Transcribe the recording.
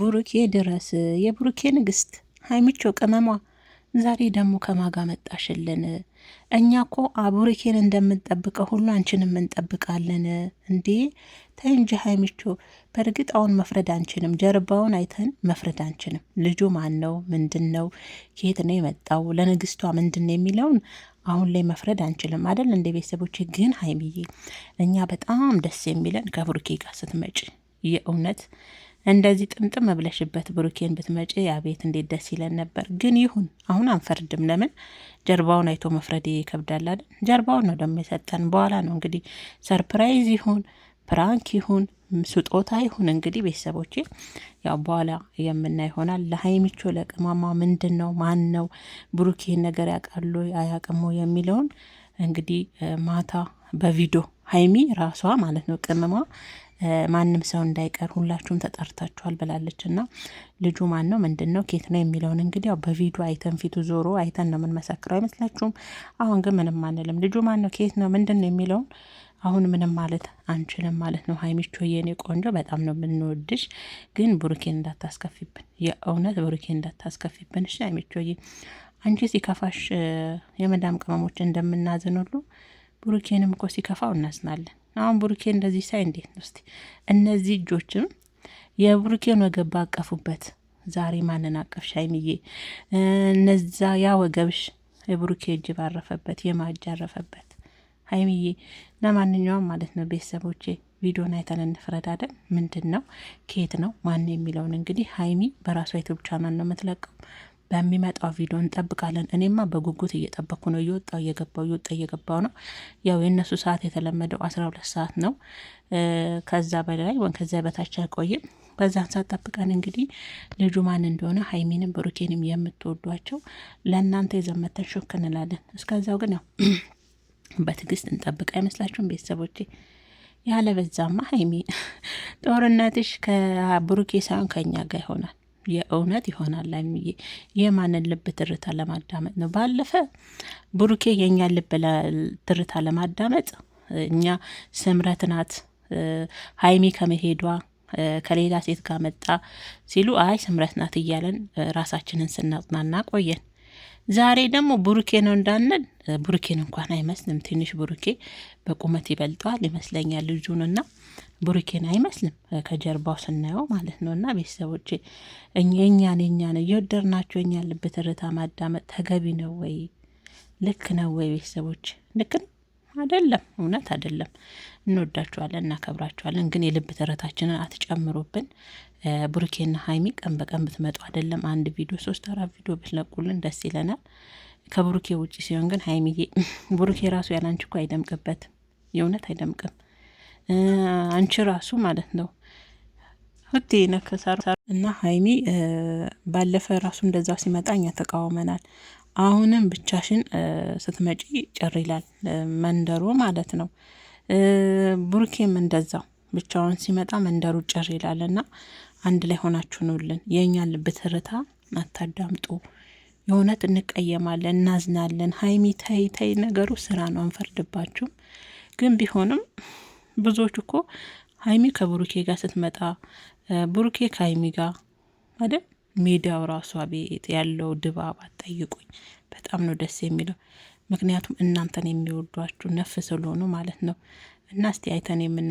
ቡሩኬ ድረስ የቡሩኬ ንግስት ሀይሚቾ ቅመሟ ዛሬ ደግሞ ከማጋ መጣሽልን? እኛ ኮ ቡሩኬን እንደምንጠብቀው ሁሉ አንቺንም እንጠብቃለን። እንዴ ተይ እንጂ ሀይሚቾ። በእርግጥ አሁን መፍረድ አንችንም፣ ጀርባውን አይተን መፍረድ አንችንም። ልጁ ማን ነው? ምንድን ነው? ከየት ነው የመጣው? ለንግስቷ ምንድን ነው የሚለውን አሁን ላይ መፍረድ አንችልም አይደል? እንደ ቤተሰቦች ግን ሀይሚዬ፣ እኛ በጣም ደስ የሚለን ከቡሩኬ ጋር ስትመጪ የእውነት እንደዚህ ጥምጥም ብለሽበት ብሩኬን ብትመጪ አቤት እንዴት ደስ ይለን ነበር። ግን ይሁን አሁን አንፈርድም። ለምን ጀርባውን አይቶ መፍረድ ይከብዳል አይደል? ጀርባውን ነው ደሞ የሰጠን። በኋላ ነው እንግዲህ ሰርፕራይዝ ይሁን ፕራንክ ይሁን ስጦታ ይሁን እንግዲህ ቤተሰቦች ያው በኋላ የምና ይሆናል። ለሀይሚቾ ለቅማማ ምንድን ነው ማን ነው ብሩኬን ነገር ያውቃሉ አያቅሙ የሚለውን እንግዲህ ማታ በቪዲዮ ሀይሚ ራሷ ማለት ነው ቅመማ ማንም ሰው እንዳይቀር ሁላችሁም ተጠርታችኋል ብላለች። እና ልጁ ማን ነው ምንድን ነው ኬት ነው የሚለውን እንግዲህ ያው በቪዲዮ አይተን ፊቱ ዞሮ አይተን ነው የምንመሰክረው አይመስላችሁም? አሁን ግን ምንም አንልም። ልጁ ማን ነው ኬት ነው ምንድን ነው የሚለውን አሁን ምንም ማለት አንችልም ማለት ነው። ሀይሚቾ የኔ ቆንጆ በጣም ነው የምንወድሽ፣ ግን ብሩኬን እንዳታስከፊብን፣ የእውነት ብሩኬን እንዳታስከፊብን። እሺ ሀይሚቾዬ አንቺ ሲከፋሽ የመዳም ቅመሞች እንደምናዝን ሁሉ ብሩኬንም እኮ ሲከፋው እናዝናለን። አሁን ብሩኬ እንደዚህ ሳይ እንዴት ነው እስቲ? እነዚህ እጆችም የብሩኬን ወገብ ባቀፉበት ዛሬ ማንን አቀፍ ሻይምዬ እነዛ ያ ወገብሽ የብሩኬ እጅ ባረፈበት የማጅ ያረፈበት ሀይሚዬ። ለማንኛውም ማለት ነው ቤተሰቦቼ ቪዲዮን አይተን እንፍረዳለን። ምንድን ነው ኬት ነው ማን የሚለውን እንግዲህ ሀይሚ በራሷ ዩቱብ ቻናል ነው የምትለቀው በሚመጣው ቪዲዮ እንጠብቃለን። እኔማ በጉጉት እየጠበኩ ነው። እየወጣው እየገባው እየወጣ እየገባው ነው። ያው የእነሱ ሰዓት የተለመደው አስራ ሁለት ሰዓት ነው። ከዛ በላይ ወን ከዚያ በታች አይቆይም። በዛን ሰዓት ጠብቀን እንግዲህ ልጁ ማን እንደሆነ ሀይሚንም ብሩኬንም የምትወዷቸው ለእናንተ የዘመተን ሾክ እንላለን። እስከዚያው ግን ያው በትዕግስት እንጠብቅ አይመስላችሁም ቤተሰቦቼ? ያለበዛማ ሀይሚ ጦርነትሽ ከብሩኬ ሳይሆን ከእኛ ጋር ይሆናል። የእውነት ይሆናል። ሀይሚዬ የማንን ልብ ትርታ ለማዳመጥ ነው? ባለፈ ብሩኬ የኛ ልብ ትርታ ለማዳመጥ እኛ ስምረት ናት ሀይሚ ከመሄዷ ከሌላ ሴት ጋር መጣ ሲሉ አይ ስምረት ናት እያለን ራሳችንን ስናጽናና ቆየን። ዛሬ ደግሞ ቡሩኬ ነው እንዳንል ቡሩኬን እንኳን አይመስልም። ትንሽ ቡሩኬ በቁመት ይበልጠዋል ይመስለኛል ልጁንና ቡሩኬን አይመስልም ከጀርባው ስናየው ማለት ነው። እና ቤተሰቦች እኛን እየወደር ናቸው እኛ ያለበት እርታ ማዳመጥ ተገቢ ነው ወይ? ልክ ነው ወይ? ቤተሰቦች ልክ ነው አይደለም፣ እውነት አይደለም። እንወዳችኋለን፣ እናከብራችኋለን። ግን የልብ ትረታችንን አትጨምሩብን። ቡርኬና ሀይሚ ቀን በቀን ብትመጡ አይደለም አንድ ቪዲዮ ሶስት አራት ቪዲዮ ብትለቁልን ደስ ይለናል። ከቡሩኬ ውጭ ሲሆን ግን ሀይሚዬ ቡሩኬ ራሱ ያላንቺ እኮ አይደምቅበት፣ የእውነት አይደምቅም። አንቺ ራሱ ማለት ነው ሁቴ ነከሳሩ እና ሀይሚ ባለፈ ራሱ እንደዛው ሲመጣ እኛ ተቃውመናል። አሁንም ብቻሽን ስትመጪ ጭር ይላል መንደሩ ማለት ነው። ቡርኬም እንደዛው ብቻውን ሲመጣ መንደሩ ጭር ይላል እና አንድ ላይ ሆናችሁ ኑልን። የእኛን ልብ ትርታ አታዳምጡ። የእውነት እንቀየማለን፣ እናዝናለን። ሀይሚ ተይ ተይ፣ ነገሩ ስራ ነው፣ አንፈርድባችሁም። ግን ቢሆንም ብዙዎች እኮ ሀይሚ ከብሩኬ ጋር ስትመጣ ቡሩኬ ከሀይሚ ጋር አይደል ሜዳው ራሱ አቤት ያለው ድባብ አጠይቁኝ፣ በጣም ነው ደስ የሚለው። ምክንያቱም እናንተን የሚወዷችሁ ነፍ ስለሆኑ ማለት ነው። እና እስቲ አይተን